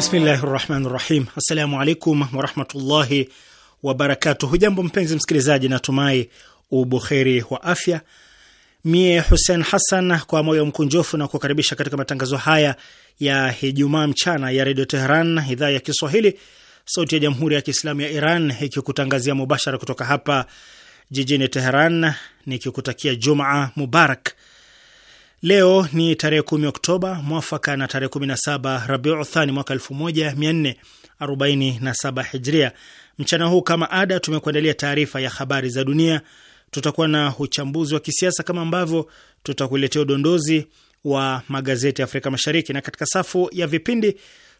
Bismillahi rahmani rahim. Assalamu alaikum warahmatullahi wabarakatuh. Hujambo mpenzi msikilizaji, natumai ubuheri wa afya. Mie Hussein Hassan kwa moyo mkunjofu na kukaribisha katika matangazo haya ya Ijumaa mchana ya Redio Teheran, idhaa ya Kiswahili, sauti ya Jamhuri ya Kiislamu ya Iran, ikikutangazia mubashara kutoka hapa jijini Teheran, nikikutakia Jumaa Mubarak Leo ni tarehe 10 Oktoba mwafaka na tarehe 17 Rabiu Thani mwaka 1447 Hijria. Mchana huu kama ada, tumekuandalia taarifa ya habari za dunia, tutakuwa na uchambuzi wa kisiasa kama ambavyo tutakuletea udondozi wa magazeti ya Afrika Mashariki, na katika safu ya vipindi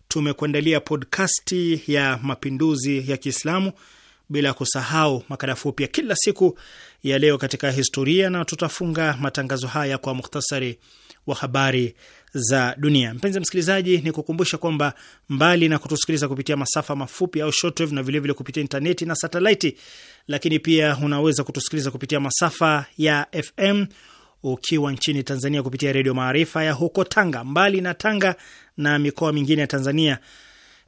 tumekuandalia podkasti ya mapinduzi ya Kiislamu bila kusahau makala fupi ya kila siku ya leo katika historia, na tutafunga matangazo haya kwa muhtasari wa habari za dunia. Mpenzi msikilizaji, ni kukumbusha kwamba mbali na kutusikiliza kupitia masafa mafupi au shortwave na vilevile vile kupitia intaneti na satelaiti, lakini pia unaweza kutusikiliza kupitia masafa ya FM ukiwa nchini Tanzania kupitia Redio Maarifa ya huko Tanga, mbali na Tanga na mikoa mingine ya Tanzania.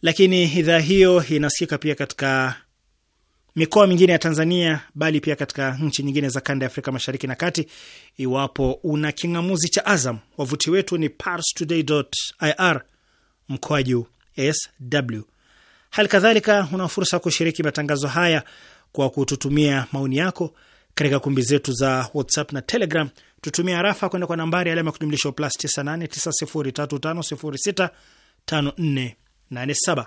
Lakini idhaa hiyo inasikika pia katika mikoa mingine ya Tanzania, bali pia katika nchi nyingine za kanda ya Afrika Mashariki na Kati. Iwapo una king'amuzi cha Azam, wavuti wetu ni parstoday.ir mkoa juu sw. Hali kadhalika una fursa ya kushiriki matangazo haya kwa kututumia maoni yako katika kumbi zetu za WhatsApp na Telegram. Tutumia arafa kwenda kwa nambari alama ya kujumlisha plus 989035065487.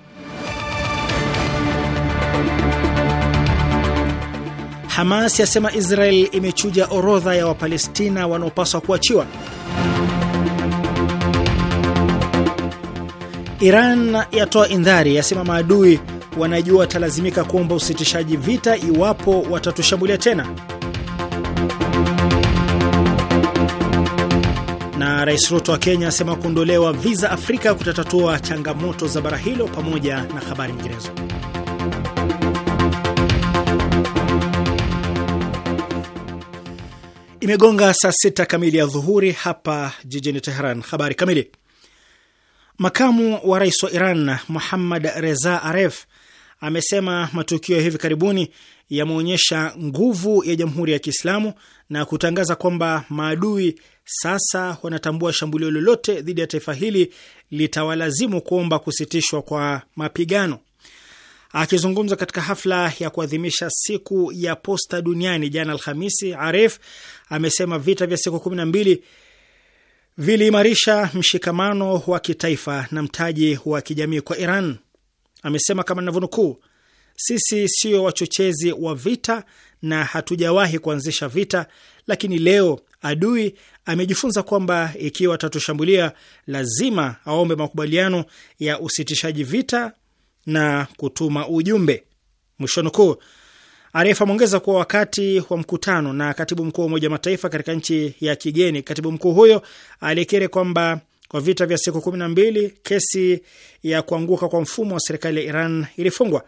Hamas yasema Israel imechuja orodha ya Wapalestina wanaopaswa kuachiwa. Iran yatoa indhari, yasema maadui wanajua watalazimika kuomba usitishaji vita iwapo watatushambulia tena. Na Rais Ruto wa Kenya asema kuondolewa viza Afrika kutatatua changamoto za bara hilo, pamoja na habari nyinginezo. Imegonga saa sita kamili ya dhuhuri hapa jijini Teheran. Habari kamili. Makamu wa rais wa Iran Muhammad Reza Aref amesema matukio ya hivi karibuni yameonyesha nguvu ya Jamhuri ya Kiislamu na kutangaza kwamba maadui sasa wanatambua shambulio lolote dhidi ya taifa hili litawalazimu kuomba kusitishwa kwa mapigano. Akizungumza katika hafla ya kuadhimisha siku ya posta duniani jana Alhamisi, Arif amesema vita vya siku kumi na mbili viliimarisha mshikamano wa kitaifa na mtaji wa kijamii kwa Iran. Amesema kama navyonukuu, sisi sio wachochezi wa vita na hatujawahi kuanzisha vita, lakini leo adui amejifunza kwamba ikiwa atatushambulia lazima aombe makubaliano ya usitishaji vita na kutuma ujumbe. Mwishonukuu, Arif ameongeza kuwa wakati wa mkutano na katibu mkuu wa Umoja wa Mataifa katika nchi ya kigeni, katibu mkuu huyo alikiri kwamba kwa vita vya siku kumi na mbili kesi ya kuanguka kwa mfumo wa serikali ya Iran ilifungwa.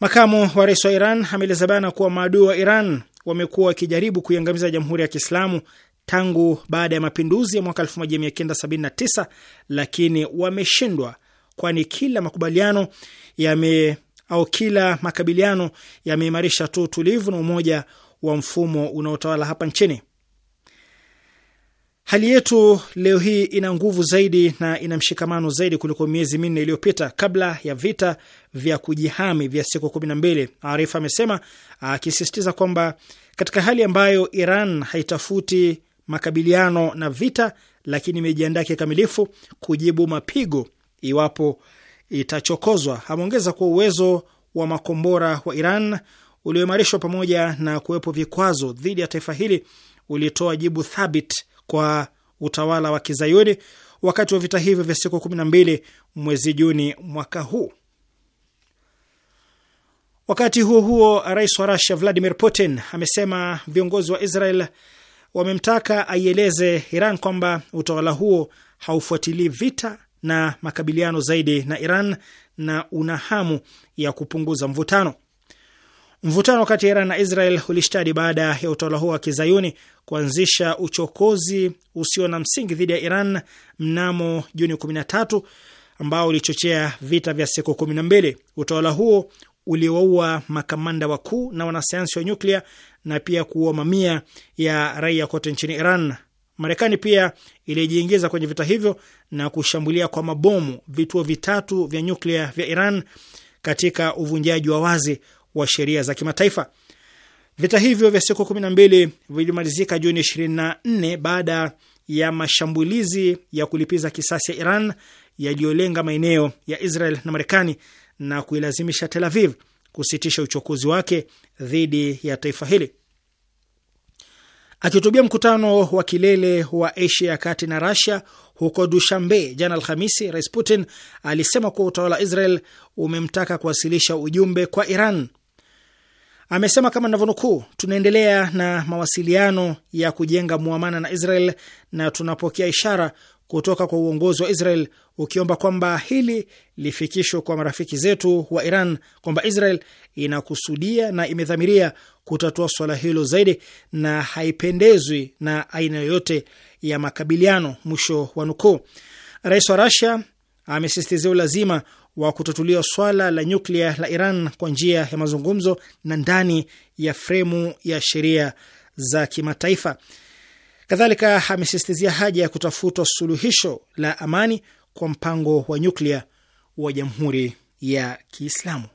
Makamu wa rais wa Iran ameeleza bana kuwa maadui wa Iran wamekuwa wakijaribu kuiangamiza Jamhuri ya Kiislamu tangu baada ya mapinduzi ya mwaka 1979 lakini wameshindwa kwani kila makubaliano yame au kila makabiliano yameimarisha tu utulivu na umoja wa mfumo unaotawala hapa nchini. Hali yetu leo hii ina nguvu zaidi na ina mshikamano zaidi kuliko miezi minne iliyopita kabla ya vita vya kujihami vya siku kumi na mbili, Arif amesema akisisitiza kwamba katika hali ambayo Iran haitafuti makabiliano na vita, lakini imejiandaa kikamilifu kujibu mapigo iwapo itachokozwa. Ameongeza kuwa uwezo wa makombora wa Iran ulioimarishwa pamoja na kuwepo vikwazo dhidi ya taifa hili ulitoa jibu thabit kwa utawala wa kizayuni wakati wa vita hivyo vya siku mbili mwezi Juni mwaka huu. Wakati huo huo, rais wa Rusia Vladimir Putin amesema viongozi wa Israel wamemtaka aieleze Iran kwamba utawala huo haufuatilii vita na makabiliano zaidi na Iran na una hamu ya kupunguza mvutano. Mvutano kati ya Iran na Israel ulishtadi baada ya utawala huo wa kizayuni kuanzisha uchokozi usio na msingi dhidi ya Iran mnamo Juni 13 ambao ulichochea vita vya siku 12. Utawala huo uliwaua makamanda wakuu na wanasayansi wa nyuklia na pia kuua mamia ya raia kote nchini Iran. Marekani pia ilijiingiza kwenye vita hivyo na kushambulia kwa mabomu vituo vitatu vya nyuklia vya Iran katika uvunjaji wa wazi wa sheria za kimataifa. Vita hivyo vya siku 12 vilimalizika Juni 24 baada ya mashambulizi ya kulipiza kisasi ya Iran yaliyolenga maeneo ya Israel na Marekani na kuilazimisha Tel Aviv kusitisha uchokozi wake dhidi ya taifa hili. Akihutubia mkutano wa kilele wa Asia ya kati na Rasia huko Dushambe jana Alhamisi, Rais Putin alisema kuwa utawala wa Israel umemtaka kuwasilisha ujumbe kwa Iran. Amesema kama navyonukuu, tunaendelea na mawasiliano ya kujenga mwamana na Israel na tunapokea ishara kutoka kwa uongozi wa Israel ukiomba kwamba hili lifikishwe kwa marafiki zetu wa Iran kwamba Israel inakusudia na imedhamiria kutatua swala hilo zaidi na haipendezwi na aina yoyote ya makabiliano, mwisho wa nukuu. Rais wa Rasia amesistizia ulazima wa kutatuliwa swala la nyuklia la Iran kwa njia ya mazungumzo na ndani ya fremu ya sheria za kimataifa. Kadhalika amesisitizia haja ya kutafutwa suluhisho la amani kwa mpango wa nyuklia wa Jamhuri ya Kiislamu.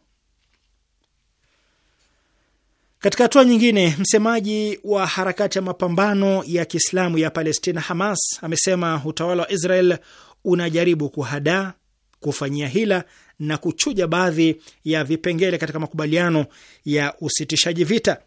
Katika hatua nyingine, msemaji wa harakati ya mapambano ya Kiislamu ya Palestina, Hamas, amesema utawala wa Israel unajaribu kuhadaa, kufanyia hila na kuchuja baadhi ya vipengele katika makubaliano ya usitishaji vita.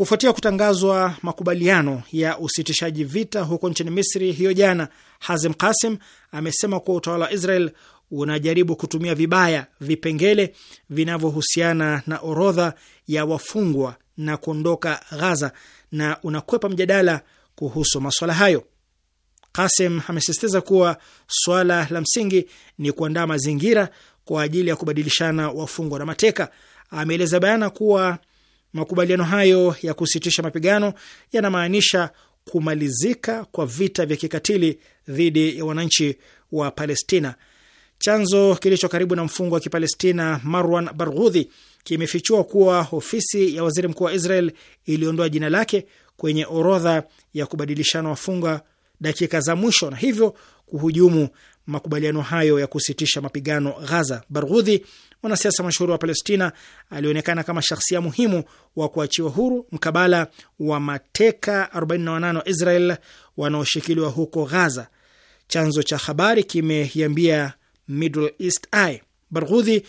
Kufuatia kutangazwa makubaliano ya usitishaji vita huko nchini Misri hiyo jana, Hazim Kasim amesema kuwa utawala wa Israel unajaribu kutumia vibaya vipengele vinavyohusiana na orodha ya wafungwa na kuondoka Ghaza na unakwepa mjadala kuhusu maswala hayo. Kasim amesisitiza kuwa swala la msingi ni kuandaa mazingira kwa ajili ya kubadilishana wafungwa na mateka. Ameeleza bayana kuwa Makubaliano hayo ya kusitisha mapigano yanamaanisha kumalizika kwa vita vya kikatili dhidi ya wananchi wa Palestina. Chanzo kilicho karibu na mfungo wa Kipalestina Marwan barghudhi kimefichua kuwa ofisi ya waziri mkuu wa Israel iliondoa jina lake kwenye orodha ya kubadilishana wafungwa dakika za mwisho na hivyo kuhujumu makubaliano hayo ya kusitisha mapigano Ghaza. Barghudhi, mwanasiasa mashuhuri wa Palestina, alionekana kama shakhsia muhimu wa kuachiwa huru mkabala wa mateka 48 wa Israel wanaoshikiliwa huko Ghaza. Chanzo cha habari kimeiambia Middle East Eye Barghudhi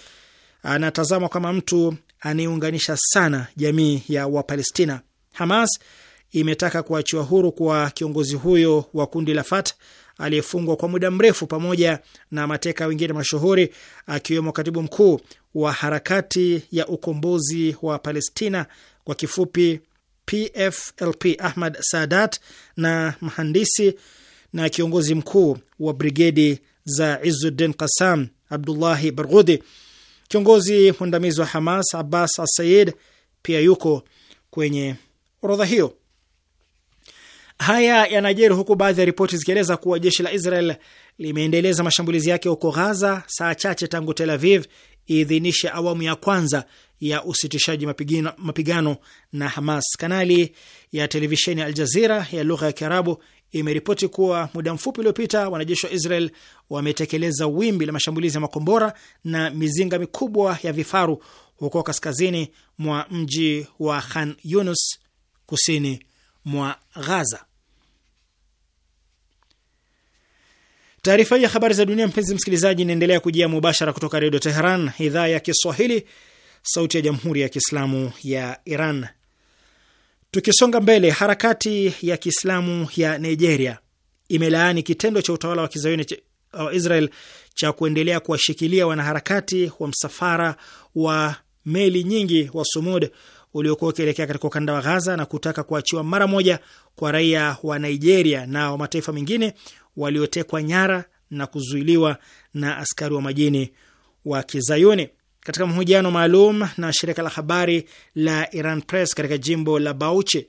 anatazamwa kama mtu anayeunganisha sana jamii ya Wapalestina. Hamas imetaka kuachiwa huru kwa kiongozi huyo wa kundi la Fatah aliyefungwa kwa muda mrefu pamoja na mateka wengine mashuhuri akiwemo katibu mkuu wa harakati ya ukombozi wa Palestina kwa kifupi PFLP Ahmad Sadat na mhandisi na kiongozi mkuu wa brigedi za Izuddin Qassam Abdullahi Barghouti. Kiongozi mwandamizi wa Hamas Abbas Asayid pia yuko kwenye orodha hiyo. Haya yanajeri huku baadhi ya ripoti zikieleza kuwa jeshi la Israel limeendeleza mashambulizi yake huko Ghaza saa chache tangu Tel Aviv iidhinishe awamu ya kwanza ya usitishaji mapigino, mapigano na Hamas. Kanali ya televisheni ya Al Jazeera ya lugha ya Kiarabu imeripoti kuwa muda mfupi uliopita wanajeshi wa Israel wametekeleza wimbi la mashambulizi ya makombora na mizinga mikubwa ya vifaru huko kaskazini mwa mji wa Khan Yunus kusini mwa Ghaza. Taarifa hii ya habari za dunia, mpenzi msikilizaji, inaendelea kujia mubashara kutoka Redio Teheran, idhaa ya Kiswahili, sauti ya jamhuri ya kiislamu ya Iran. Tukisonga mbele, harakati ya kiislamu ya Nigeria imelaani kitendo cha utawala wa kizayuni wa Israel cha kuendelea kuwashikilia wanaharakati wa msafara wa meli nyingi wa Sumud uliokuwa ukielekea katika ukanda wa Ghaza na kutaka kuachiwa mara moja kwa raia wa Nigeria na wa mataifa mengine waliotekwa nyara na kuzuiliwa na askari wa majini wa Kizayuni. Katika mahojiano maalum na shirika la habari la Iran Press katika jimbo la Bauchi,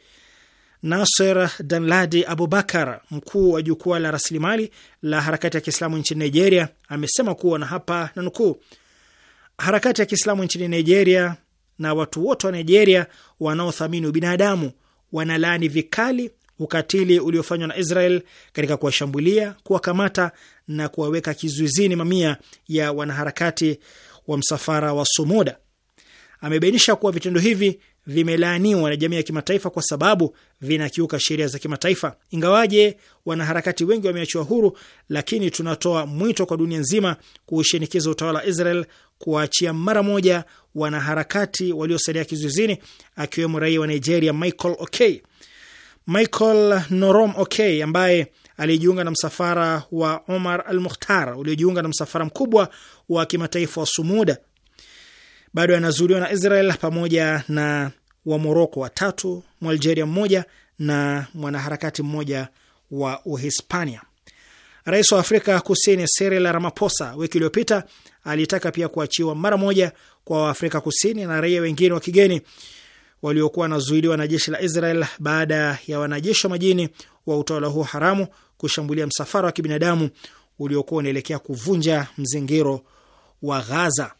Nasser Danladi Abubakar, mkuu wa jukwaa la rasilimali la harakati ya Kiislamu nchini Nigeria, amesema kuwa na hapa na nukuu, harakati ya Kiislamu nchini Nigeria na watu wote wa Nigeria wanaothamini ubinadamu wanalaani vikali ukatili uliofanywa na Israel katika kuwashambulia, kuwakamata na kuwaweka kizuizini mamia ya wanaharakati wa msafara wa Somoda. Amebainisha kuwa vitendo hivi vimelaaniwa na jamii ya kimataifa kwa sababu vinakiuka sheria za kimataifa. Ingawaje wanaharakati wengi wameachiwa huru, lakini tunatoa mwito kwa dunia nzima kushinikiza utawala wa Israel kuwaachia mara moja wanaharakati waliosalia kizuizini, akiwemo raia wa Nigeria Michael Okay. Michael Norom Ok ambaye alijiunga na msafara wa Omar Al Mukhtar uliojiunga na msafara mkubwa wa kimataifa wa Sumuda bado yanazuliwa na Israel pamoja na Wamoroko watatu, Mwalgeria mmoja na mwanaharakati mmoja wa Uhispania. Rais wa Afrika Kusini Cyril Ramaphosa wiki iliyopita alitaka pia kuachiwa mara moja kwa Waafrika Kusini na raia wengine wa kigeni waliokuwa wanazuiliwa na jeshi la Israel baada ya wanajeshi wa majini wa utawala huo haramu kushambulia msafara wa kibinadamu uliokuwa unaelekea kuvunja mzingiro wa Ghaza.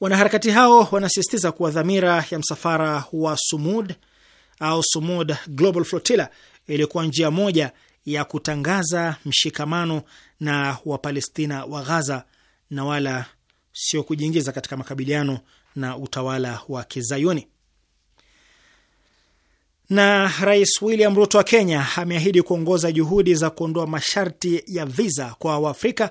Wanaharakati hao wanasisitiza kuwa dhamira ya msafara wa Sumud au Sumud Global Flotilla ilikuwa njia moja ya kutangaza mshikamano na Wapalestina wa Ghaza na wala sio kujiingiza katika makabiliano na utawala wa Kizayuni. Na Rais William Ruto wa Kenya ameahidi kuongoza juhudi za kuondoa masharti ya viza kwa Waafrika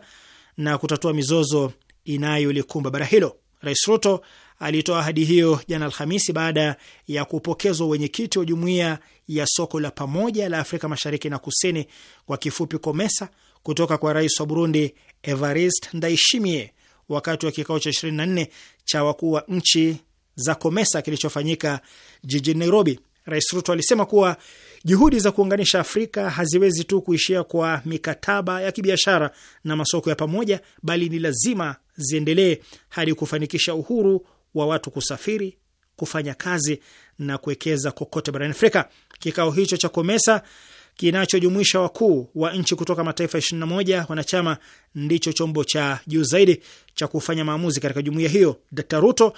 na kutatua mizozo inayolikumba bara hilo. Rais Ruto alitoa ahadi hiyo jana Alhamisi baada ya kupokezwa wenyekiti wa jumuiya ya soko la pamoja la Afrika Mashariki na Kusini, kwa kifupi COMESA, kutoka kwa rais wa Burundi evarist Ndaishimie, wakati wa kikao cha 24 cha wakuu wa nchi za Komesa kilichofanyika jijini Nairobi. Rais Ruto alisema kuwa juhudi za kuunganisha Afrika haziwezi tu kuishia kwa mikataba ya kibiashara na masoko ya pamoja, bali ni lazima ziendelee hadi kufanikisha uhuru wa watu kusafiri, kufanya kazi na kuwekeza kokote barani Afrika. Kikao hicho cha Komesa kinachojumuisha wakuu wa nchi kutoka mataifa 21 wanachama ndicho chombo cha juu zaidi cha kufanya maamuzi katika jumuiya hiyo. d Ruto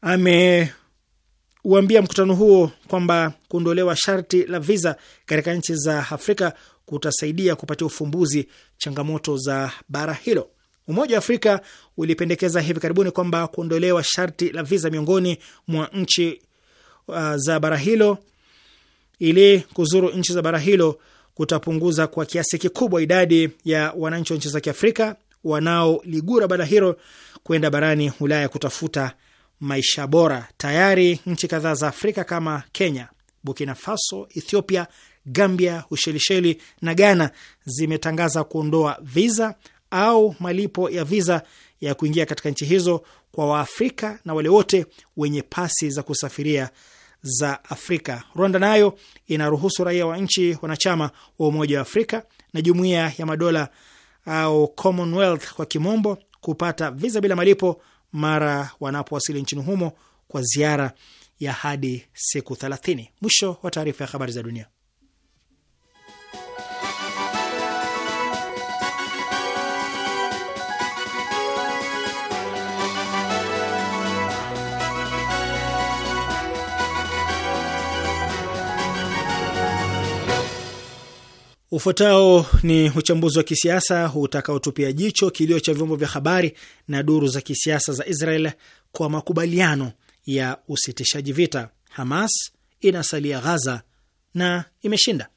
ameuambia mkutano huo kwamba kuondolewa sharti la viza katika nchi za Afrika kutasaidia kupatia ufumbuzi changamoto za bara hilo. Umoja wa Afrika ulipendekeza hivi karibuni kwamba kuondolewa sharti la viza miongoni mwa nchi uh, za bara hilo ili kuzuru nchi za bara hilo kutapunguza kwa kiasi kikubwa idadi ya wananchi wa nchi za Kiafrika wanaoligura bara hilo kwenda barani Ulaya kutafuta maisha bora. Tayari nchi kadhaa za Afrika kama Kenya, Burkina Faso, Ethiopia, Gambia, Ushelisheli na Ghana zimetangaza kuondoa viza au malipo ya viza ya kuingia katika nchi hizo kwa Waafrika na wale wote wenye pasi za kusafiria za Afrika. Rwanda nayo inaruhusu raia wa nchi wanachama wa Umoja wa Afrika na Jumuiya ya Madola au Commonwealth kwa kimombo kupata visa bila malipo mara wanapowasili nchini humo kwa ziara ya hadi siku thelathini. Mwisho wa taarifa ya habari za dunia. Ufuatao ni uchambuzi wa kisiasa utakaotupia jicho kilio cha vyombo vya habari na duru za kisiasa za Israel kwa makubaliano ya usitishaji vita. Hamas inasalia Ghaza na imeshinda.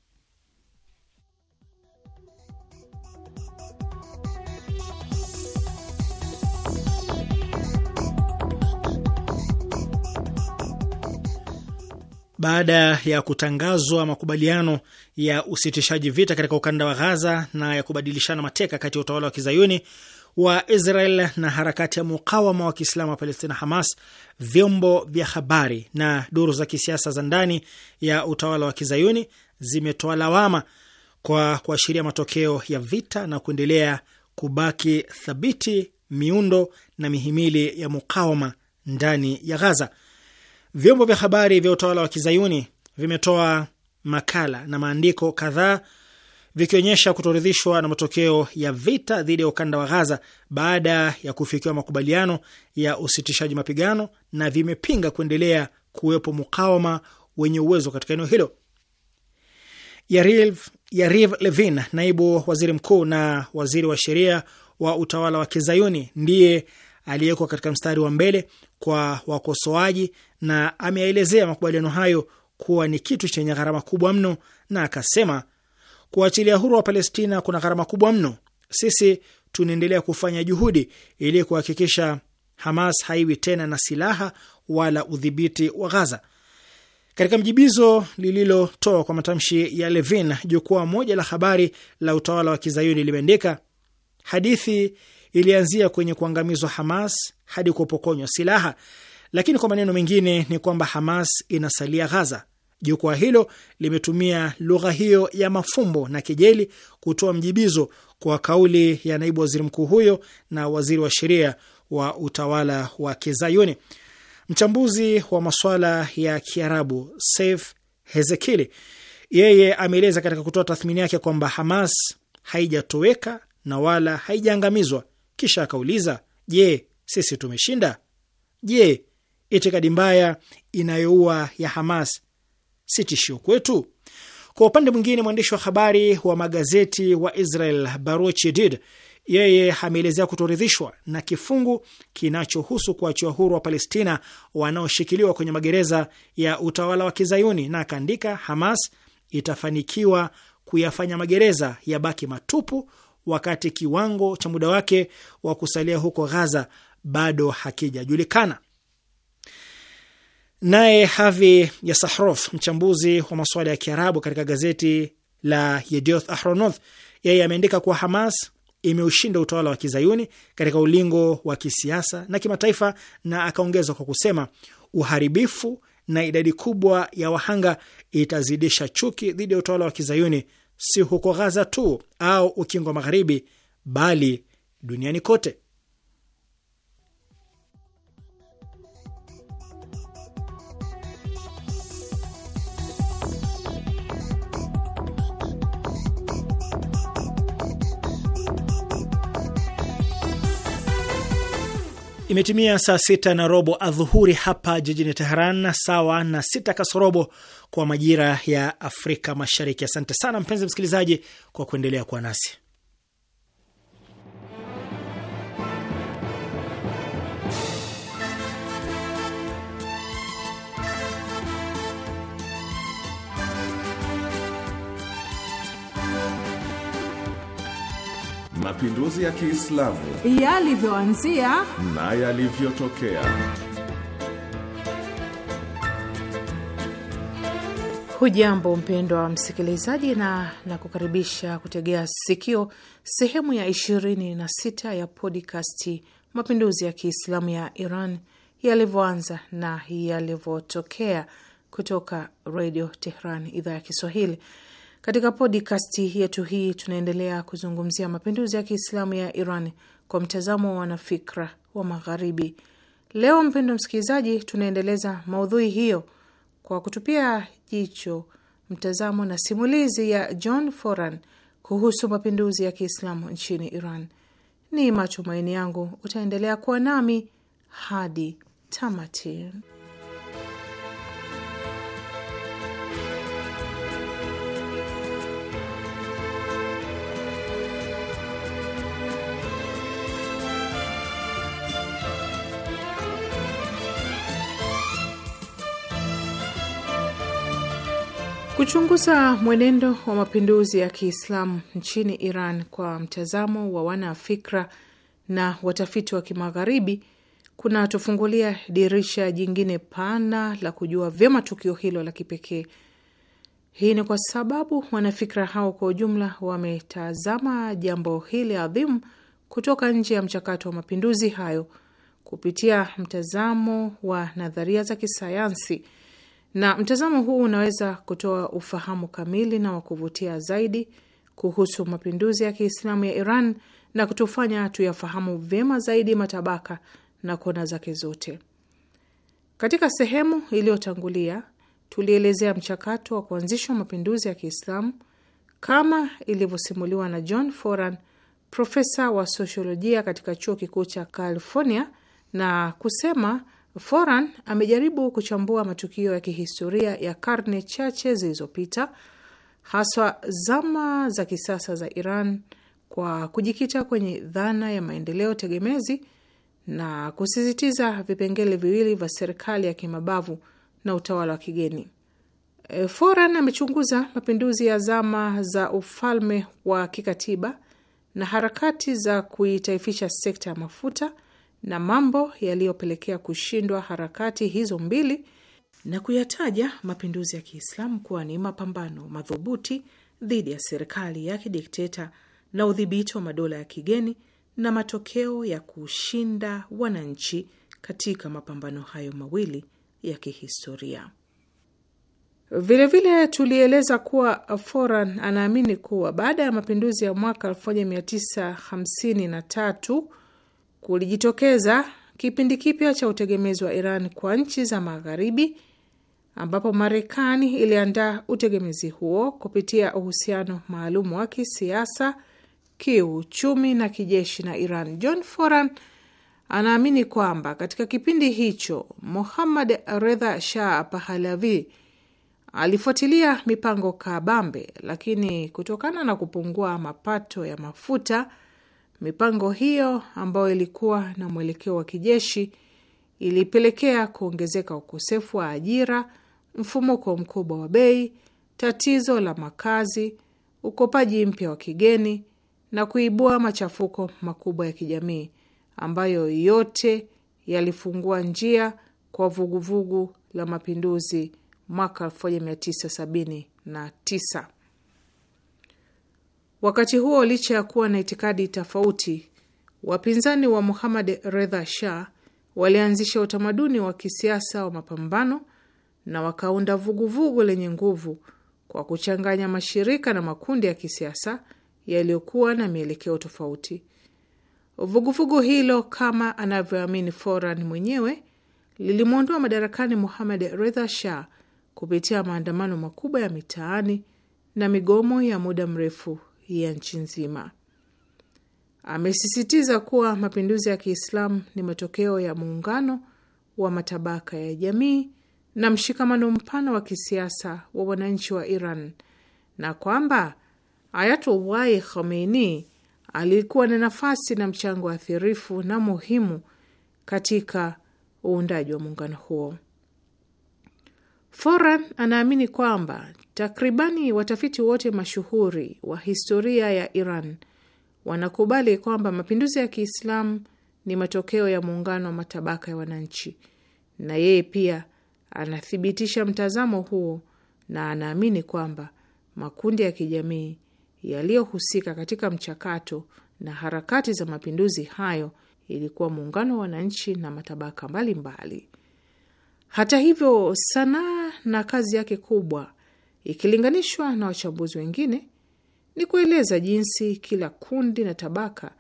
Baada ya kutangazwa makubaliano ya usitishaji vita katika ukanda wa Ghaza na ya kubadilishana mateka kati ya utawala wa kizayuni wa Israel na harakati ya mukawama wa kiislamu wa Palestina, Hamas, vyombo vya habari na duru za kisiasa za ndani ya utawala wa kizayuni zimetoa lawama kwa kuashiria matokeo ya vita na kuendelea kubaki thabiti miundo na mihimili ya mukawama ndani ya Gaza. Vyombo vya habari vya utawala wa kizayuni vimetoa makala na maandiko kadhaa vikionyesha kutoridhishwa na matokeo ya vita dhidi ya ukanda wa Ghaza baada ya kufikiwa makubaliano ya usitishaji mapigano na vimepinga kuendelea kuwepo mukawama wenye uwezo katika eneo hilo. Yariv, Yariv Levin, naibu waziri mkuu na waziri wa sheria wa utawala wa Kizayuni, ndiye aliyekuwa katika mstari wa mbele kwa wakosoaji na ameelezea makubaliano hayo kuwa ni kitu chenye gharama kubwa mno, na akasema kuachilia huru wa Palestina kuna gharama kubwa mno. Sisi tunaendelea kufanya juhudi ili kuhakikisha Hamas haiwi tena na silaha wala udhibiti wa Gaza. Katika mjibizo lililotoa kwa matamshi ya Levin, jukwaa moja la habari la utawala wa kizayuni limeandika, hadithi ilianzia kwenye kuangamizwa Hamas hadi kupokonywa silaha. Lakini kwa maneno mengine ni kwamba Hamas inasalia Ghaza. Jukwaa hilo limetumia lugha hiyo ya mafumbo na kejeli kutoa mjibizo kwa kauli ya naibu waziri mkuu huyo na waziri wa sheria wa utawala wa Kizayuni. Mchambuzi wa masuala ya Kiarabu Saif Hezekili yeye ameeleza katika kutoa tathmini yake kwamba Hamas haijatoweka na wala haijaangamizwa. Kisha akauliza, je, sisi tumeshinda? Je, itikadi mbaya inayoua ya Hamas si tishio kwetu. Kwa upande mwingine, mwandishi wa habari wa magazeti wa Israel Baruch Yedid yeye ameelezea kutoridhishwa na kifungu kinachohusu kuachiwa huru wa Palestina wanaoshikiliwa kwenye magereza ya utawala wa Kizayuni na akaandika, Hamas itafanikiwa kuyafanya magereza ya baki matupu wakati kiwango cha muda wake wa kusalia huko Ghaza bado hakijajulikana. Naye Havi Yasahrof, mchambuzi wa masuala ya Kiarabu katika gazeti la Yedioth Ahronoth, yeye ameandika kuwa Hamas imeushinda utawala wa kizayuni katika ulingo wa kisiasa na kimataifa, na akaongeza kwa kusema uharibifu na idadi kubwa ya wahanga itazidisha chuki dhidi ya utawala wa kizayuni, si huko Ghaza tu au ukingo wa Magharibi, bali duniani kote. Imetimia saa sita na robo adhuhuri hapa jijini Teheran, sawa na sita kasorobo kwa majira ya Afrika Mashariki. Asante sana mpenzi msikilizaji kwa kuendelea kuwa nasi. mapinduzi ya Kiislamu yalivyoanzia na yalivyotokea. Hujambo mpendwa msikilizaji, na nakukaribisha kutegea sikio sehemu ya 26 ya podikasti mapinduzi ya Kiislamu ya Iran yalivyoanza na yalivyotokea kutoka Redio Tehran, idhaa ya Kiswahili. Katika podkasti yetu hii tunaendelea kuzungumzia mapinduzi ya Kiislamu ya Iran kwa mtazamo wa wanafikra wa Magharibi. Leo mpendo msikilizaji, tunaendeleza maudhui hiyo kwa kutupia jicho mtazamo na simulizi ya John Foran kuhusu mapinduzi ya Kiislamu nchini Iran. Ni matumaini yangu utaendelea kuwa nami hadi tamati. Kuchunguza mwenendo wa mapinduzi ya Kiislamu nchini Iran kwa mtazamo wa wanafikra na watafiti wa Kimagharibi kunatufungulia dirisha jingine pana la kujua vyema tukio hilo la kipekee. Hii ni kwa sababu wanafikra hao kwa ujumla wametazama jambo hili adhimu kutoka nje ya mchakato wa mapinduzi hayo kupitia mtazamo wa nadharia za kisayansi na mtazamo huu unaweza kutoa ufahamu kamili na wa kuvutia zaidi kuhusu mapinduzi ya Kiislamu ya Iran na kutufanya tuyafahamu vyema zaidi matabaka na kona zake zote. Katika sehemu iliyotangulia, tulielezea mchakato wa kuanzishwa mapinduzi ya Kiislamu kama ilivyosimuliwa na John Foran, profesa wa sosiolojia katika chuo kikuu cha California, na kusema Foran amejaribu kuchambua matukio ya kihistoria ya karne chache zilizopita, haswa zama za kisasa za Iran kwa kujikita kwenye dhana ya maendeleo tegemezi na kusisitiza vipengele viwili vya serikali ya kimabavu na utawala wa kigeni. E, Foran amechunguza mapinduzi ya zama za ufalme wa kikatiba na harakati za kuitaifisha sekta ya mafuta na mambo yaliyopelekea kushindwa harakati hizo mbili na kuyataja mapinduzi ya Kiislamu kuwa ni mapambano madhubuti dhidi ya serikali ya kidikteta na udhibiti wa madola ya kigeni na matokeo ya kushinda wananchi katika mapambano hayo mawili ya kihistoria. Vilevile tulieleza kuwa Foran anaamini kuwa baada ya mapinduzi ya mwaka 1953 kulijitokeza kipindi kipya cha utegemezi wa Iran kwa nchi za Magharibi, ambapo Marekani iliandaa utegemezi huo kupitia uhusiano maalum wa kisiasa, kiuchumi na kijeshi na Iran. John Foran anaamini kwamba katika kipindi hicho Muhammad Redha Shah Pahalavi alifuatilia mipango kabambe, lakini kutokana na kupungua mapato ya mafuta Mipango hiyo ambayo ilikuwa na mwelekeo wa kijeshi ilipelekea kuongezeka ukosefu wa ajira, mfumuko mkubwa wa bei, tatizo la makazi, ukopaji mpya wa kigeni na kuibua machafuko makubwa ya kijamii ambayo yote yalifungua njia kwa vuguvugu la mapinduzi mwaka 1979. Wakati huo, licha ya kuwa na itikadi tofauti, wapinzani wa Muhammad Redha Shah walianzisha utamaduni wa kisiasa wa mapambano na wakaunda vuguvugu vugu lenye nguvu kwa kuchanganya mashirika na makundi ya kisiasa yaliyokuwa na mielekeo tofauti. Vuguvugu vugu hilo, kama anavyoamini Foran mwenyewe, lilimwondoa madarakani Muhammad Redha Shah kupitia maandamano makubwa ya mitaani na migomo ya muda mrefu ya nchi nzima. Amesisitiza kuwa mapinduzi ya Kiislamu ni matokeo ya muungano wa matabaka ya jamii na mshikamano mpana wa kisiasa wa wananchi wa Iran na kwamba Ayatullahi Khomeini alikuwa na nafasi na mchango athirifu na muhimu katika uundaji wa muungano huo. Foran anaamini kwamba takribani watafiti wote mashuhuri wa historia ya Iran wanakubali kwamba mapinduzi ya Kiislamu ni matokeo ya muungano wa matabaka ya wananchi, na yeye pia anathibitisha mtazamo huo na anaamini kwamba makundi ya kijamii yaliyohusika katika mchakato na harakati za mapinduzi hayo ilikuwa muungano wa wananchi na matabaka mbalimbali mbali. Hata hivyo, sanaa na kazi yake kubwa ikilinganishwa na wachambuzi wengine ni kueleza jinsi kila kundi na tabaka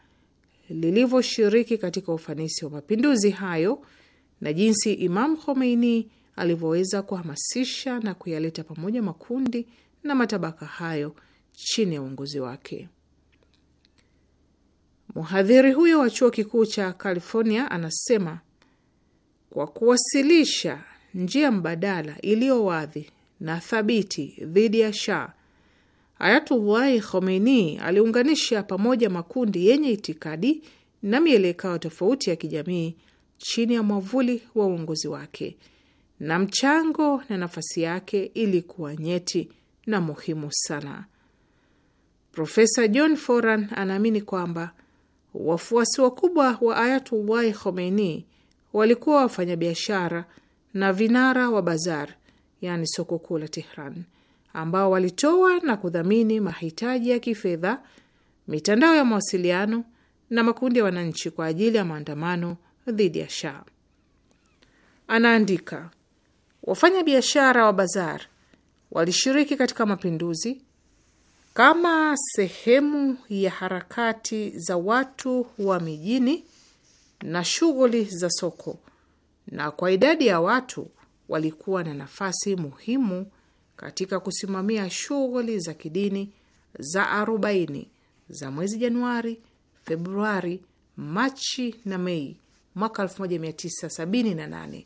lilivyoshiriki katika ufanisi wa mapinduzi hayo na jinsi Imam Khomeini alivyoweza kuhamasisha na kuyaleta pamoja makundi na matabaka hayo chini ya uongozi wake. Mhadhiri huyo wa chuo kikuu cha California anasema kwa kuwasilisha njia mbadala iliyo wadhi na thabiti dhidi ya Shah, Ayatullahi Khomeini aliunganisha pamoja makundi yenye itikadi na mielekeo tofauti ya kijamii chini ya mwavuli wa uongozi wake, na mchango na nafasi yake ilikuwa nyeti na muhimu sana. Profesa John Foran anaamini kwamba wafuasi wakubwa wa Ayatullahi Khomeini walikuwa wafanyabiashara na vinara wa bazar, yani soko kuu la Tehran, ambao walitoa na kudhamini mahitaji ya kifedha, mitandao ya mawasiliano na makundi ya wananchi kwa ajili ya maandamano dhidi ya Shah. Anaandika, wafanyabiashara wa bazar walishiriki katika mapinduzi kama sehemu ya harakati za watu wa mijini na shughuli za soko, na kwa idadi ya watu walikuwa na nafasi muhimu katika kusimamia shughuli za kidini za arobaini za mwezi Januari, Februari, Machi na Mei mwaka 1978,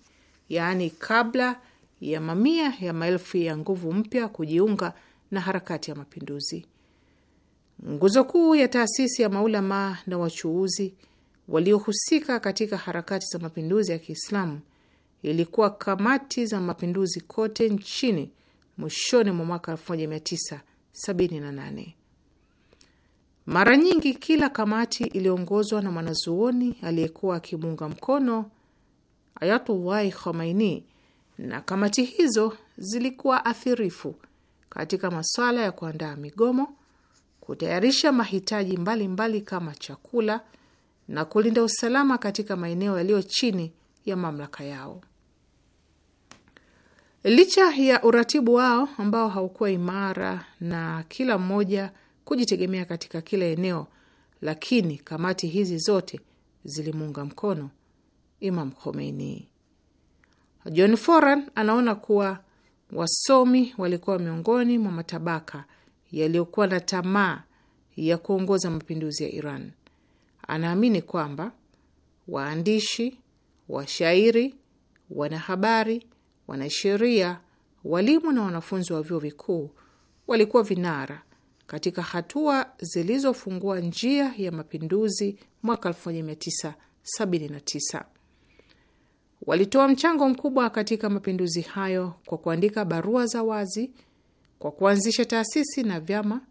yaani kabla ya mamia ya maelfu ya nguvu mpya kujiunga na harakati ya mapinduzi. Nguzo kuu ya taasisi ya maulamaa na wachuuzi waliohusika katika harakati za mapinduzi ya Kiislamu ilikuwa kamati za mapinduzi kote nchini mwishoni mwa mwaka 1978. Mara nyingi kila kamati iliongozwa na mwanazuoni aliyekuwa akimuunga mkono Ayatullahi Khomeini, na kamati hizo zilikuwa athirifu katika masuala ya kuandaa migomo, kutayarisha mahitaji mbalimbali mbali kama chakula, na kulinda usalama katika maeneo yaliyo chini ya mamlaka yao. Licha ya uratibu wao ambao haukuwa imara na kila mmoja kujitegemea katika kila eneo, lakini kamati hizi zote zilimuunga mkono Imam Khomeini. John Foran anaona kuwa wasomi walikuwa miongoni mwa matabaka yaliyokuwa na tamaa ya kuongoza mapinduzi ya Iran anaamini kwamba waandishi, washairi, wanahabari, wanasheria, walimu na wanafunzi wa vyuo vikuu walikuwa vinara katika hatua zilizofungua njia ya mapinduzi mwaka 1979. Walitoa mchango mkubwa katika mapinduzi hayo kwa kuandika barua za wazi, kwa kuanzisha taasisi na vyama,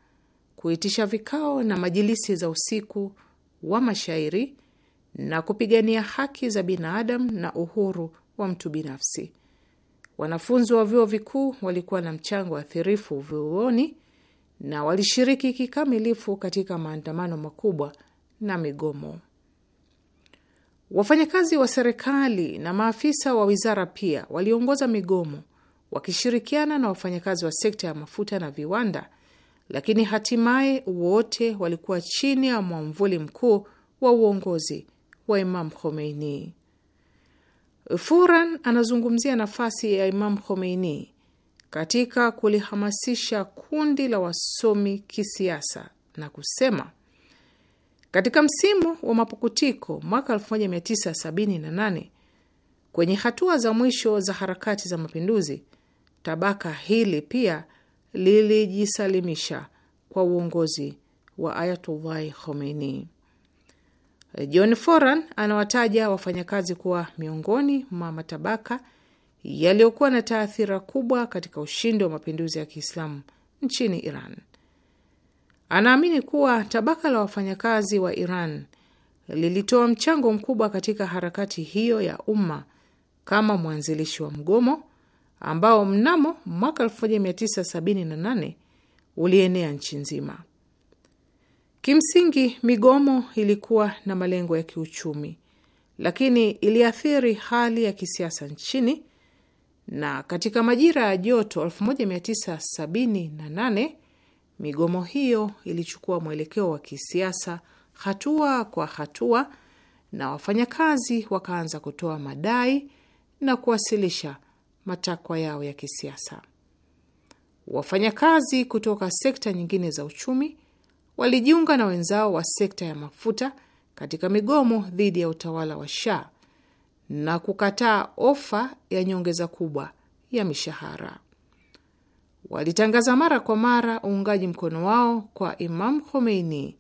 kuitisha vikao na majilisi za usiku wa mashairi na kupigania haki za binadamu na uhuru wa mtu binafsi. Wanafunzi wa vyuo vikuu walikuwa na mchango athirifu vyuoni na walishiriki kikamilifu katika maandamano makubwa na migomo. Wafanyakazi wa serikali na maafisa wa wizara pia waliongoza migomo wakishirikiana na wafanyakazi wa sekta ya mafuta na viwanda lakini hatimaye wote walikuwa chini ya mwamvuli mkuu wa uongozi wa Imam Khomeini. Furan anazungumzia nafasi ya Imam Khomeini katika kulihamasisha kundi la wasomi kisiasa na kusema, katika msimu wa mapukutiko mwaka 1978 kwenye hatua za mwisho za harakati za mapinduzi, tabaka hili pia lilijisalimisha kwa uongozi wa Ayatullahi Khomeini. John Foran anawataja wafanyakazi kuwa miongoni mwa matabaka yaliyokuwa na taathira kubwa katika ushindi wa mapinduzi ya Kiislamu nchini Iran. Anaamini kuwa tabaka la wafanyakazi wa Iran lilitoa mchango mkubwa katika harakati hiyo ya umma kama mwanzilishi wa mgomo, ambao mnamo mwaka 1978 ulienea nchi nzima. Kimsingi, migomo ilikuwa na malengo ya kiuchumi, lakini iliathiri hali ya kisiasa nchini, na katika majira ya joto 1978 migomo hiyo ilichukua mwelekeo wa kisiasa hatua kwa hatua, na wafanyakazi wakaanza kutoa madai na kuwasilisha matakwa yao ya kisiasa. Wafanyakazi kutoka sekta nyingine za uchumi walijiunga na wenzao wa sekta ya mafuta katika migomo dhidi ya utawala wa Shah na kukataa ofa ya nyongeza kubwa ya mishahara. Walitangaza mara kwa mara uungaji mkono wao kwa Imam Khomeini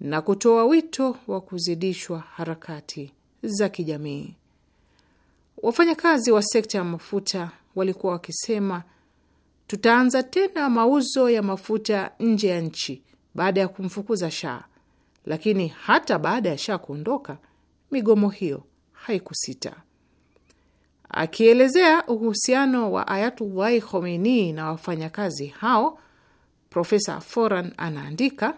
na kutoa wito wa kuzidishwa harakati za kijamii. Wafanyakazi wa sekta ya mafuta walikuwa wakisema, tutaanza tena mauzo ya mafuta nje ya nchi baada ya kumfukuza Shah. Lakini hata baada ya Shah kuondoka, migomo hiyo haikusita. Akielezea uhusiano wa Ayatullahi Khomeini na wafanyakazi hao, Profesa Foran anaandika,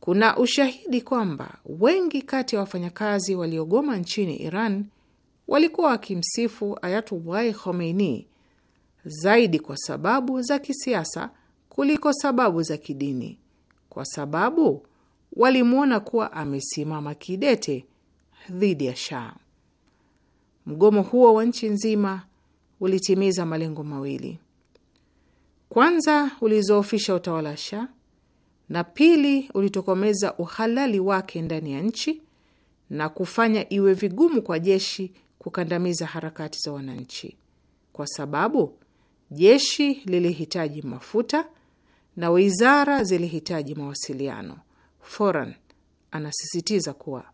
kuna ushahidi kwamba wengi kati ya wafanyakazi waliogoma nchini Iran walikuwa wakimsifu Ayatullahi Khomeini zaidi kwa sababu za kisiasa kuliko sababu za kidini, kwa sababu walimwona kuwa amesimama kidete dhidi ya Shah. Mgomo huo wa nchi nzima ulitimiza malengo mawili: kwanza, ulizoofisha utawala wa Shah na pili, ulitokomeza uhalali wake ndani ya nchi na kufanya iwe vigumu kwa jeshi kukandamiza harakati za wananchi, kwa sababu jeshi lilihitaji mafuta na wizara zilihitaji mawasiliano. Foran anasisitiza kuwa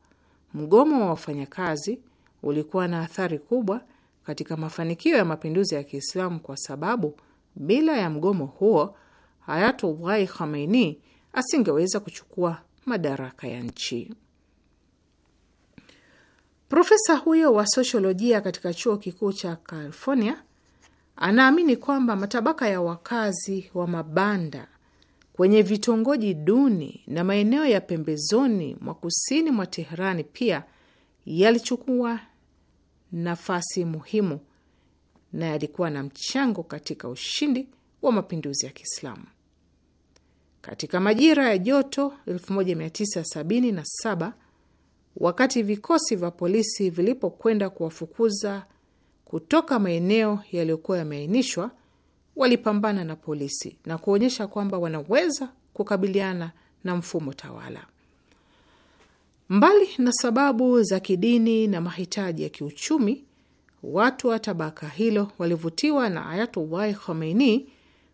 mgomo wa wafanyakazi ulikuwa na athari kubwa katika mafanikio ya mapinduzi ya Kiislamu kwa sababu bila ya mgomo huo Ayatullahi Khomeini asingeweza kuchukua madaraka ya nchi. Profesa huyo wa sosiolojia katika chuo kikuu cha California anaamini kwamba matabaka ya wakazi wa mabanda kwenye vitongoji duni na maeneo ya pembezoni mwa kusini mwa Teherani pia yalichukua nafasi muhimu na yalikuwa na mchango katika ushindi wa mapinduzi ya Kiislamu. Katika majira ya joto 1977 wakati vikosi vya polisi vilipokwenda kuwafukuza kutoka maeneo yaliyokuwa yameainishwa, walipambana na polisi na kuonyesha kwamba wanaweza kukabiliana na mfumo tawala. Mbali na sababu za kidini na mahitaji ya kiuchumi, watu wa tabaka hilo walivutiwa na Ayatullahi Khomeini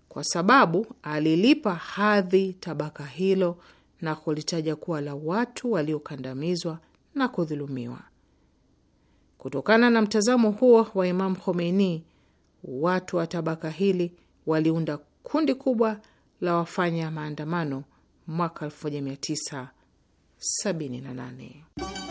kwa sababu alilipa hadhi tabaka hilo na kulitaja kuwa la watu waliokandamizwa na kudhulumiwa. Kutokana na mtazamo huo wa Imamu Khomeini, watu wa tabaka hili waliunda kundi kubwa la wafanya maandamano mwaka 1978.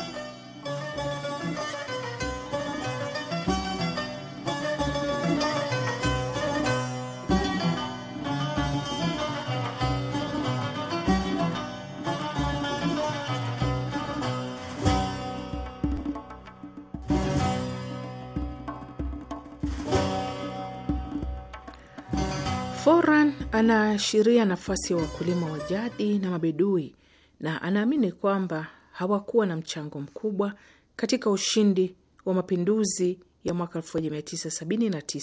Foran anaashiria nafasi ya wakulima wa jadi na mabedui na anaamini kwamba hawakuwa na mchango mkubwa katika ushindi wa mapinduzi ya mwaka 1979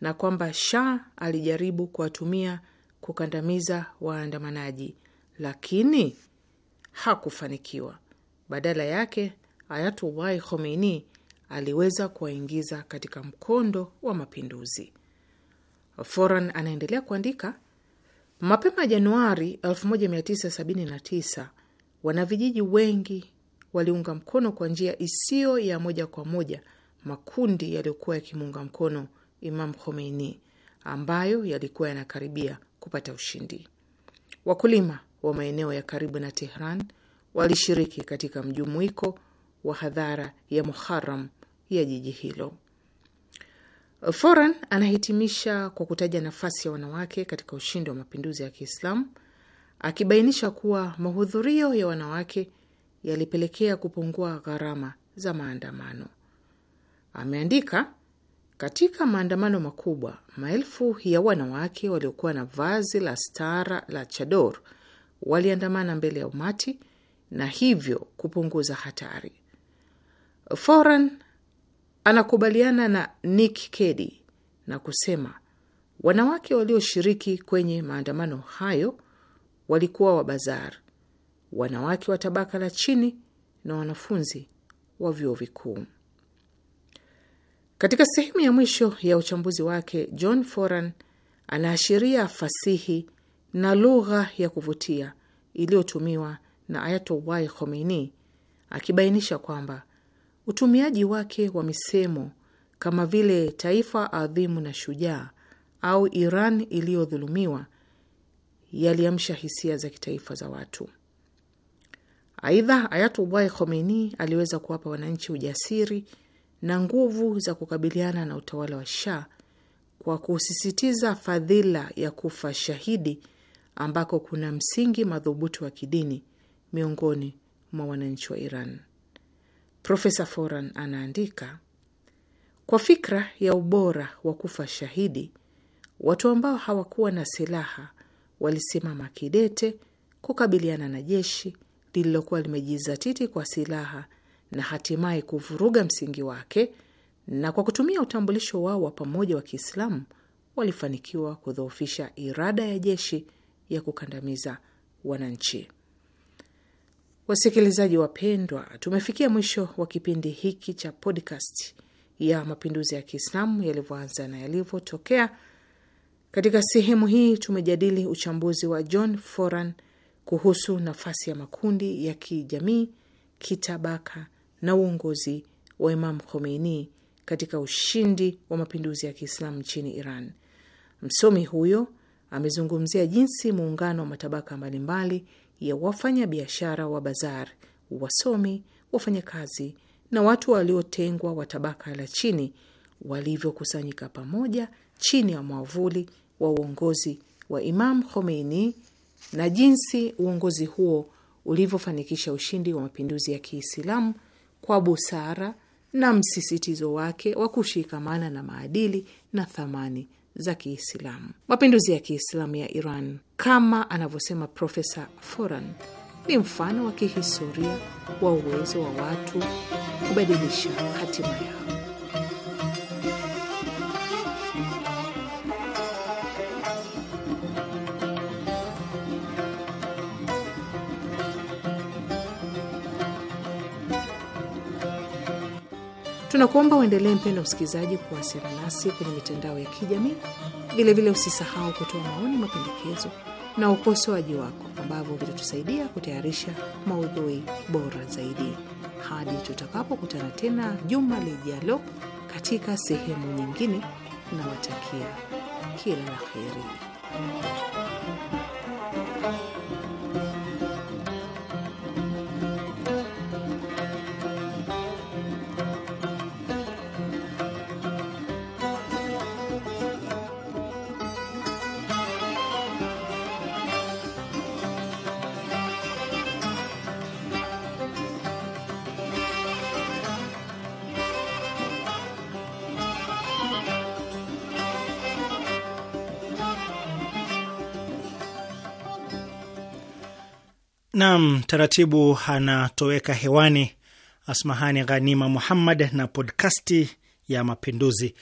na kwamba Shah alijaribu kuwatumia kukandamiza waandamanaji, lakini hakufanikiwa. Badala yake, Ayatullah Khomeini aliweza kuwaingiza katika mkondo wa mapinduzi. Foran anaendelea kuandika, mapema Januari 1979 wanavijiji wengi waliunga mkono kwa njia isiyo ya moja kwa moja makundi yaliyokuwa yakimuunga mkono Imam Khomeini ambayo yalikuwa yanakaribia kupata ushindi. Wakulima wa maeneo ya karibu na Tehran walishiriki katika mjumuiko wa hadhara ya Muharram ya jiji hilo. Foran anahitimisha kwa kutaja nafasi ya wanawake katika ushindi wa mapinduzi ya Kiislamu, akibainisha kuwa mahudhurio ya wanawake yalipelekea kupungua gharama za maandamano. Ameandika, katika maandamano makubwa, maelfu ya wanawake waliokuwa na vazi la stara la chador waliandamana mbele ya umati na hivyo kupunguza hatari. Foran Anakubaliana na Nick Kedi na kusema wanawake walioshiriki kwenye maandamano hayo walikuwa wa bazar wanawake wa tabaka la chini na wanafunzi wa vyuo vikuu. Katika sehemu ya mwisho ya uchambuzi wake, John Foran anaashiria fasihi na lugha ya kuvutia iliyotumiwa na Ayatollah Khomeini akibainisha kwamba Utumiaji wake wa misemo kama vile taifa adhimu na shujaa au Iran iliyodhulumiwa yaliamsha hisia za kitaifa za watu. Aidha, Ayatullahi Khomeini aliweza kuwapa wananchi ujasiri na nguvu za kukabiliana na utawala wa Shah kwa kusisitiza fadhila ya kufa shahidi, ambako kuna msingi madhubuti wa kidini miongoni mwa wananchi wa Iran. Profesa Foran anaandika, kwa fikra ya ubora wa kufa shahidi, watu ambao hawakuwa na silaha walisimama kidete kukabiliana na jeshi lililokuwa limejizatiti kwa silaha na hatimaye kuvuruga msingi wake, na kwa kutumia utambulisho wao wa pamoja wa Kiislamu walifanikiwa kudhoofisha irada ya jeshi ya kukandamiza wananchi. Wasikilizaji wapendwa, tumefikia mwisho wa kipindi hiki cha podcast ya mapinduzi ya Kiislamu yalivyoanza na yalivyotokea. Katika sehemu hii tumejadili uchambuzi wa John Foran kuhusu nafasi ya makundi ya kijamii, kitabaka na uongozi wa Imam Khomeini katika ushindi wa mapinduzi ya Kiislamu nchini Iran. Msomi huyo amezungumzia jinsi muungano wa matabaka mbalimbali ya wafanyabiashara wa bazar, wasomi, wafanyakazi na watu waliotengwa wa tabaka la chini walivyokusanyika pamoja chini ya mwavuli wa uongozi wa Imam Khomeini na jinsi uongozi huo ulivyofanikisha ushindi wa mapinduzi ya Kiislamu kwa busara na msisitizo wake wa kushikamana na maadili na thamani za Kiislamu. Mapinduzi ya Kiislamu ya Iran, kama anavyosema Profesa Foran, ni mfano wa kihistoria wa uwezo wa watu kubadilisha hatima yao. Tunakuomba uendelee, mpendo msikilizaji, kuwasiliana nasi kwenye mitandao ya kijamii. Vilevile usisahau kutoa maoni, mapendekezo na ukosoaji wako ambavyo vitatusaidia kutayarisha maudhui bora zaidi. Hadi tutakapokutana tena juma lijalo katika sehemu nyingine, na watakia kila la heri. Nam taratibu anatoweka hewani Asmahani Ghanima Muhammad na podkasti ya mapinduzi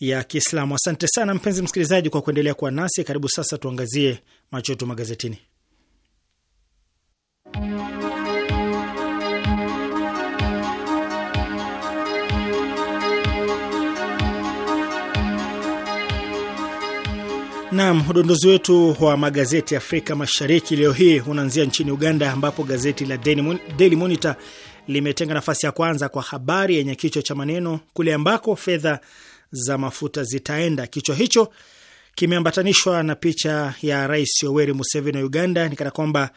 ya Kiislamu. Asante sana mpenzi msikilizaji kwa kuendelea kuwa nasi. Karibu sasa tuangazie machoto magazetini. Nam, udondozi wetu wa magazeti Afrika Mashariki leo hii unaanzia nchini Uganda, ambapo gazeti la Daily Monitor limetenga nafasi ya kwanza kwa habari yenye kichwa cha maneno kule ambako fedha za mafuta zitaenda. Kichwa hicho kimeambatanishwa na picha ya Rais Yoweri Museveni wa Uganda, ni kana kwamba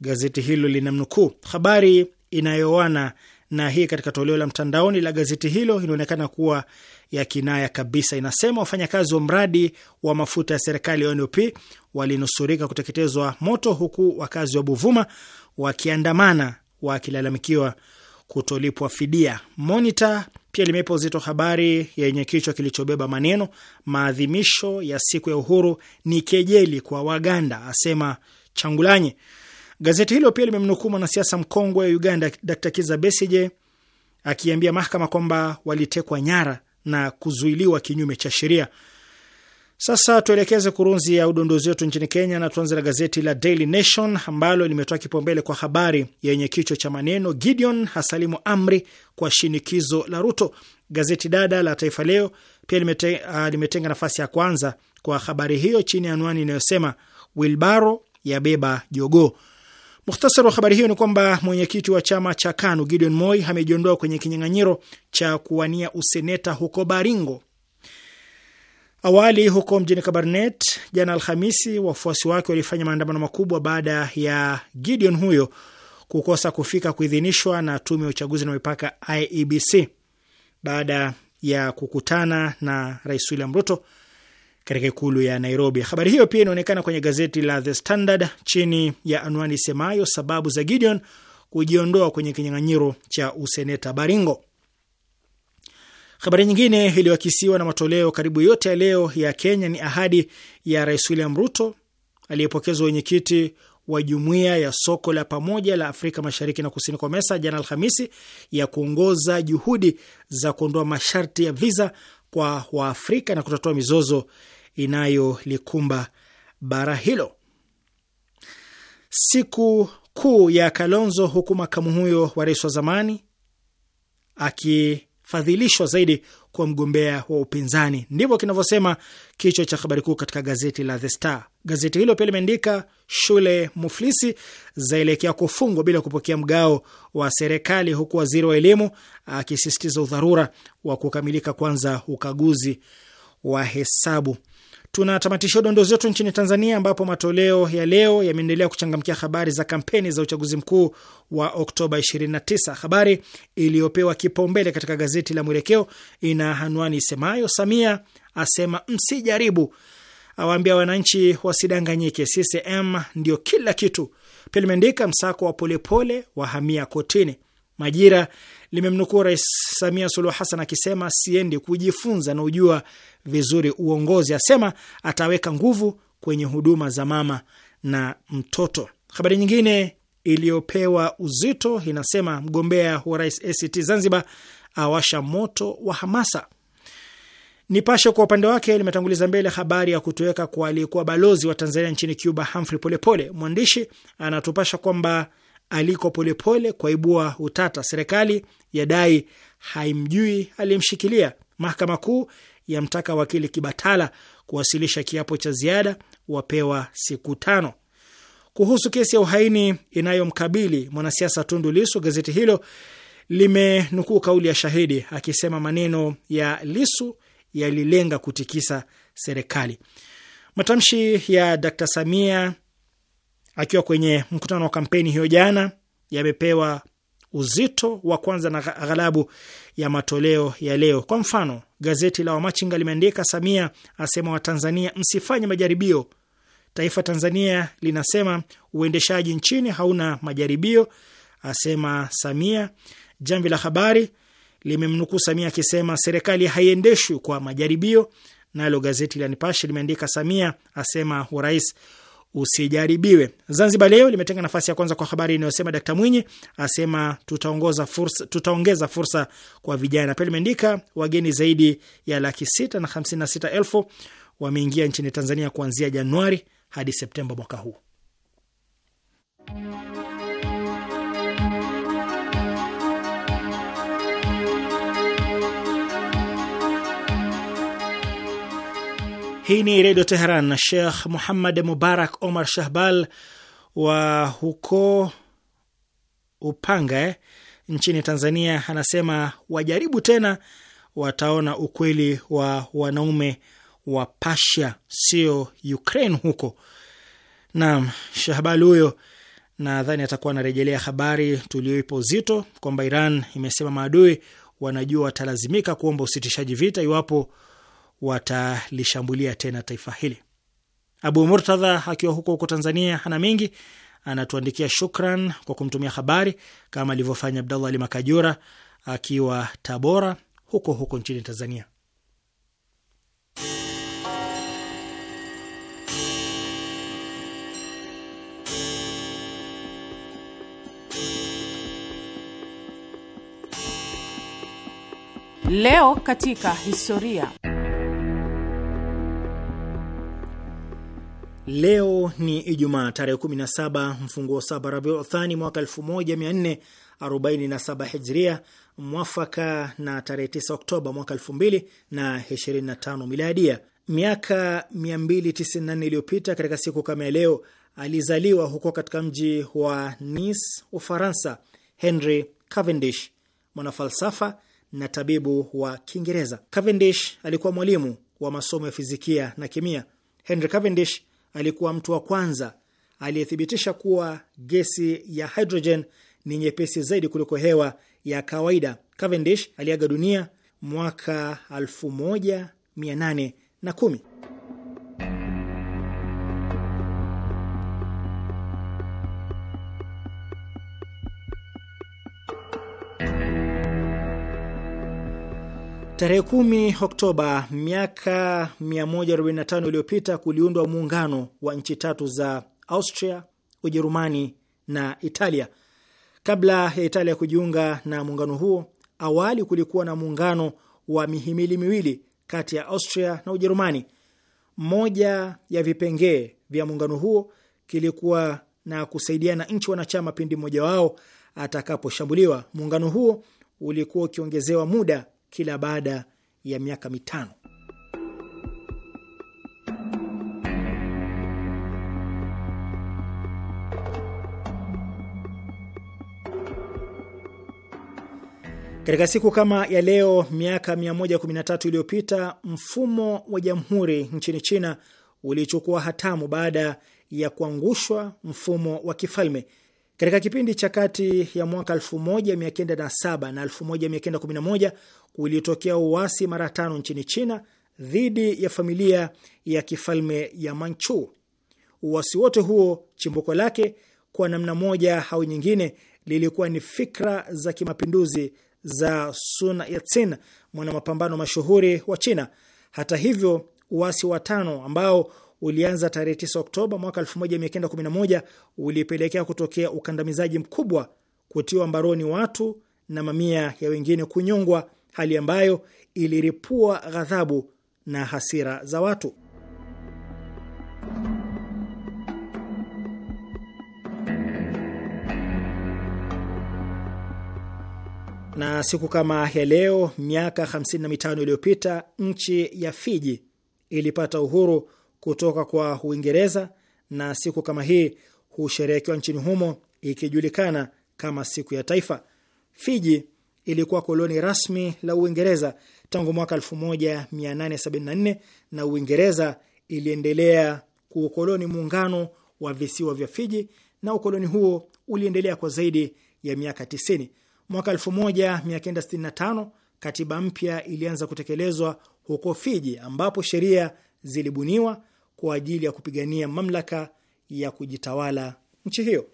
gazeti hilo linamnukuu. Habari inayoana na hii katika toleo la mtandaoni la gazeti hilo inaonekana kuwa ya kinaya kabisa. Inasema wafanyakazi wa mradi wa mafuta ya serikali NOP walinusurika kuteketezwa moto, huku wakazi wa Buvuma wakiandamana wakilalamikiwa kutolipwa fidia. Monita pia limepa uzito habari yenye kichwa kilichobeba maneno maadhimisho ya siku ya uhuru ni kejeli kwa Waganda, asema Changulanye. Gazeti hilo pia limemnukuu mwanasiasa mkongwe wa Uganda Dr Kiza Besije akiambia mahakama kwamba walitekwa nyara na kuzuiliwa kinyume cha sheria. Sasa tuelekeze kurunzi ya udondozi wetu nchini Kenya na tuanze na gazeti la Daily Nation ambalo limetoa kipaumbele kwa habari yenye kichwa cha maneno Gideon hasalimu amri kwa shinikizo la Ruto. Gazeti dada la Taifa Leo pia limete, uh, limetenga nafasi ya kwanza kwa habari hiyo chini ya anwani inayosema wilbaro ya beba jogoo. Muhtasari wa habari hiyo ni kwamba mwenyekiti wa chama cha KANU Gideon Moi amejiondoa kwenye kinyang'anyiro cha kuwania useneta huko Baringo. Awali huko mjini Kabarnet jana Alhamisi, wafuasi wake walifanya maandamano makubwa baada ya Gideon huyo kukosa kufika kuidhinishwa na tume ya uchaguzi na mipaka IEBC baada ya kukutana na Rais William Ruto katika ikulu ya Nairobi. Habari hiyo pia inaonekana kwenye gazeti la The Standard chini ya anwani semayo sababu za Gideon kujiondoa kwenye kinyang'anyiro cha useneta Baringo. Habari nyingine iliyoakisiwa na matoleo karibu yote ya leo ya Kenya ni ahadi ya Rais William Ruto aliyepokezwa wenyekiti wa jumuiya ya soko la pamoja la Afrika Mashariki na Kusini kwa mesa jana Alhamisi ya kuongoza juhudi za kuondoa masharti ya viza kwa Waafrika na kutatua mizozo inayolikumba bara hilo. Siku kuu ya Kalonzo, huku makamu huyo wa rais wa zamani akifadhilishwa zaidi kuwa mgombea wa upinzani, ndivyo kinavyosema kichwa cha habari kuu katika gazeti la The Star. Gazeti hilo pia limeandika shule muflisi zaelekea kufungwa bila kupokea mgao wa serikali, huku waziri wa elimu akisisitiza udharura wa kukamilika kwanza ukaguzi wa hesabu. Tunatamatisha dondoo zetu nchini Tanzania, ambapo matoleo ya leo yameendelea kuchangamkia habari za kampeni za uchaguzi mkuu wa Oktoba 29. Habari iliyopewa kipaumbele katika gazeti la Mwelekeo ina anwani isemayo, Samia asema msijaribu, awaambia wananchi wasidanganyike, CCM ndio kila kitu. Pia limeandika msako wa polepole wahamia kotini. Majira limemnukuu Rais Samia Suluhu Hassan akisema siendi kujifunza na ujua vizuri uongozi, asema ataweka nguvu kwenye huduma za mama na mtoto. Habari nyingine iliyopewa uzito inasema mgombea wa rais ACT Zanzibar awasha moto wa hamasa. Nipashe kwa upande wake limetanguliza mbele habari ya kutoweka kwa aliyekuwa balozi wa Tanzania nchini Cuba, Humphrey Polepole. Mwandishi anatupasha kwamba aliko polepole kwaibua utata. Serikali yadai haimjui aliyemshikilia. Mahakama Kuu yamtaka wakili Kibatala kuwasilisha kiapo cha ziada, wapewa siku tano. Kuhusu kesi ya uhaini inayomkabili mwanasiasa Tundu Lisu, gazeti hilo limenukuu kauli ya shahidi akisema maneno ya Lisu yalilenga kutikisa serikali. Matamshi ya d Samia akiwa kwenye mkutano wa kampeni hiyo jana, yamepewa uzito wa kwanza na aghalabu ya matoleo ya leo. Kwa mfano, gazeti la Wamachinga limeandika Samia asema Watanzania msifanye majaribio. Taifa Tanzania linasema uendeshaji nchini hauna majaribio, asema Samia. Jamvi la Habari limemnukuu Samia akisema serikali haiendeshwi kwa majaribio. Nalo gazeti la Nipashe limeandika Samia asema urais usijaribiwe. Zanzibar Leo limetenga nafasi ya kwanza kwa habari inayosema Dkt Mwinyi asema tutaongoza fursa, tutaongeza fursa kwa vijana. Pia limeandika wageni zaidi ya laki sita na hamsini na sita elfu wameingia nchini Tanzania kuanzia Januari hadi Septemba mwaka huu. Hii ni Redio Teheran. Shekh Muhammad Mubarak Omar Shahbal wa huko Upanga eh, nchini Tanzania anasema wajaribu tena, wataona ukweli wa wanaume wa Pasha, sio Ukraine huko. Naam, Shahbal huyo nadhani atakuwa anarejelea habari tuliyoipa uzito kwamba Iran imesema maadui wanajua watalazimika kuomba usitishaji vita iwapo watalishambulia tena taifa hili. Abu Murtadha akiwa huko huko Tanzania hana mengi, anatuandikia shukran kwa kumtumia habari kama alivyofanya Abdallah Ali Makajura akiwa Tabora huko huko nchini Tanzania. Leo katika historia Leo ni Ijumaa tarehe 17 mfunguo saba Rabiu Thani mwaka 1447 Hijria, mwafaka na tarehe 9 Oktoba mwaka 2025 Miladia. Miaka 294 iliyopita katika siku kama ya leo alizaliwa huko katika mji wa Nice, Ufaransa, Henry Cavendish, mwanafalsafa na tabibu wa Kiingereza. Cavendish alikuwa mwalimu wa masomo ya fizikia na kimia. Henry Cavendish alikuwa mtu wa kwanza aliyethibitisha kuwa gesi ya hydrogen ni nyepesi zaidi kuliko hewa ya kawaida. Cavendish aliaga dunia mwaka 1810. Tarehe 10 Oktoba miaka 145 iliyopita kuliundwa muungano wa nchi tatu za Austria, Ujerumani na Italia. Kabla ya Italia kujiunga na muungano huo, awali kulikuwa na muungano wa mihimili miwili kati ya Austria na Ujerumani. Moja ya vipengee vya muungano huo kilikuwa na kusaidiana nchi wanachama pindi mmoja wao atakaposhambuliwa. Muungano huo ulikuwa ukiongezewa muda kila baada ya miaka mitano. Katika siku kama ya leo miaka 113 iliyopita mfumo wa jamhuri nchini China ulichukua hatamu baada ya kuangushwa mfumo wa kifalme. Katika kipindi cha kati ya mwaka 1907 na 1911 ulitokea uasi mara tano nchini China dhidi ya familia ya kifalme ya Manchu. Uasi wote huo chimbuko lake kwa namna moja au nyingine lilikuwa ni fikra za kimapinduzi za Sun Yat-sen, mashuhuri wa China. Hata hivyo, uasi wa tano ambao ulianza tarehe 9 Oktoba mwaka 1911 ulipelekea kutokea ukandamizaji mkubwa, kutiwa mbaroni watu na mamia ya wengine kunyongwa hali ambayo iliripua ghadhabu na hasira za watu. Na siku kama ya leo miaka 55 iliyopita nchi ya Fiji ilipata uhuru kutoka kwa Uingereza, na siku kama hii husherehekewa nchini humo ikijulikana kama siku ya taifa. Fiji ilikuwa koloni rasmi la Uingereza tangu mwaka 1874 na Uingereza iliendelea kuukoloni muungano wa visiwa vya Fiji na ukoloni huo uliendelea kwa zaidi ya miaka 90. Mwaka 1965 katiba mpya ilianza kutekelezwa huko Fiji, ambapo sheria zilibuniwa kwa ajili ya kupigania mamlaka ya kujitawala nchi hiyo.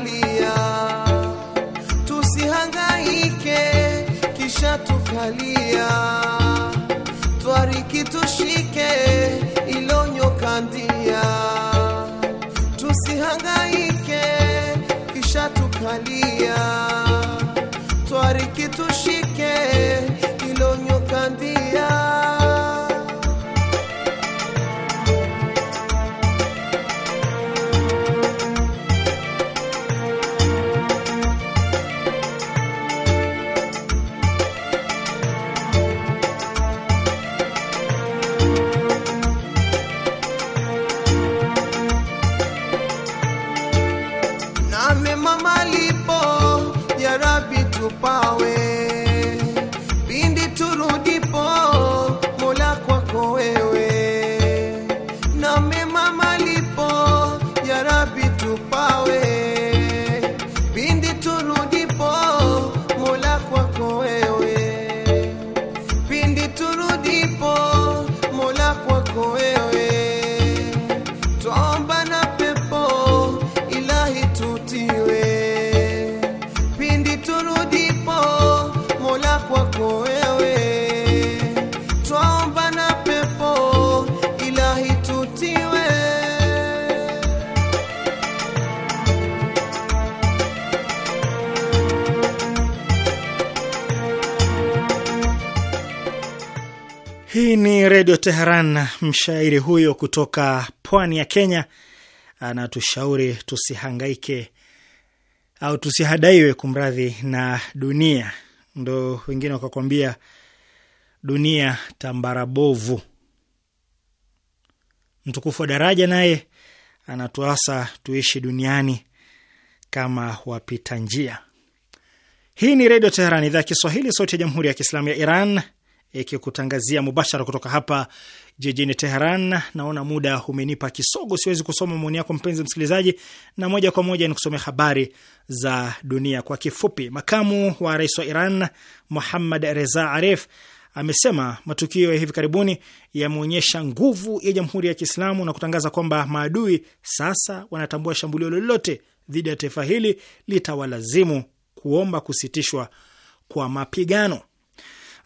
tunalia, tusihangaike kisha tukalia, twariki tushike ni Redio Teheran. Mshairi huyo kutoka pwani ya Kenya anatushauri tusihangaike au tusihadaiwe, kumradhi, na dunia. Ndo wengine wakakwambia dunia tambara bovu. Mtukufu wa daraja naye anatuasa tuishi duniani kama wapita njia. Hii ni Redio Teheran, idhaa ya Kiswahili, sauti ya Jamhuri ya Kiislamu ya Iran ikikutangazia mubashara kutoka hapa jijini Teheran. Naona muda umenipa kisogo, siwezi kusoma maoni yako mpenzi msikilizaji, na moja kwa moja nikusomea habari za dunia kwa kifupi. Makamu wa rais wa Iran Muhammad Reza Arif amesema matukio ya hivi karibuni yameonyesha nguvu ya Jamhuri ya Kiislamu na kutangaza kwamba maadui sasa wanatambua shambulio lolote dhidi ya taifa hili litawalazimu kuomba kusitishwa kwa mapigano.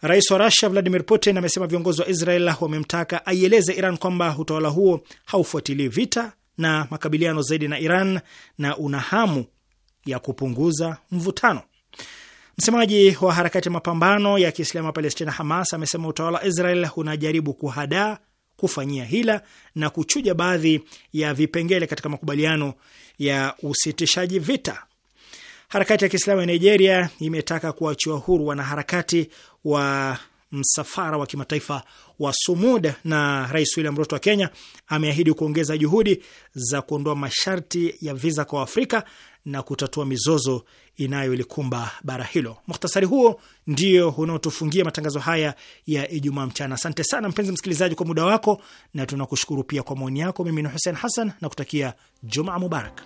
Rais wa Rusia Vladimir Putin amesema viongozi wa Israel wamemtaka aieleze Iran kwamba utawala huo haufuatilii vita na makabiliano zaidi na Iran na una hamu ya kupunguza mvutano. Msemaji wa harakati ya mapambano ya Kiislamu ya Palestina, Hamas, amesema utawala wa Israel unajaribu kuhadaa, kufanyia hila na kuchuja baadhi ya vipengele katika makubaliano ya usitishaji vita. Harakati ya Kiislamu ya Nigeria imetaka kuachiwa huru wanaharakati wa msafara wa kimataifa wa Sumud, na Rais William Ruto wa Kenya ameahidi kuongeza juhudi za kuondoa masharti ya viza kwa Afrika na kutatua mizozo inayolikumba bara hilo. Mukhtasari huo ndio unaotufungia matangazo haya ya Ijumaa mchana. Asante sana mpenzi msikilizaji kwa muda wako, na tunakushukuru pia kwa maoni yako. Mimi ni Hussein Hassan na kutakia Jumaa Mubarak.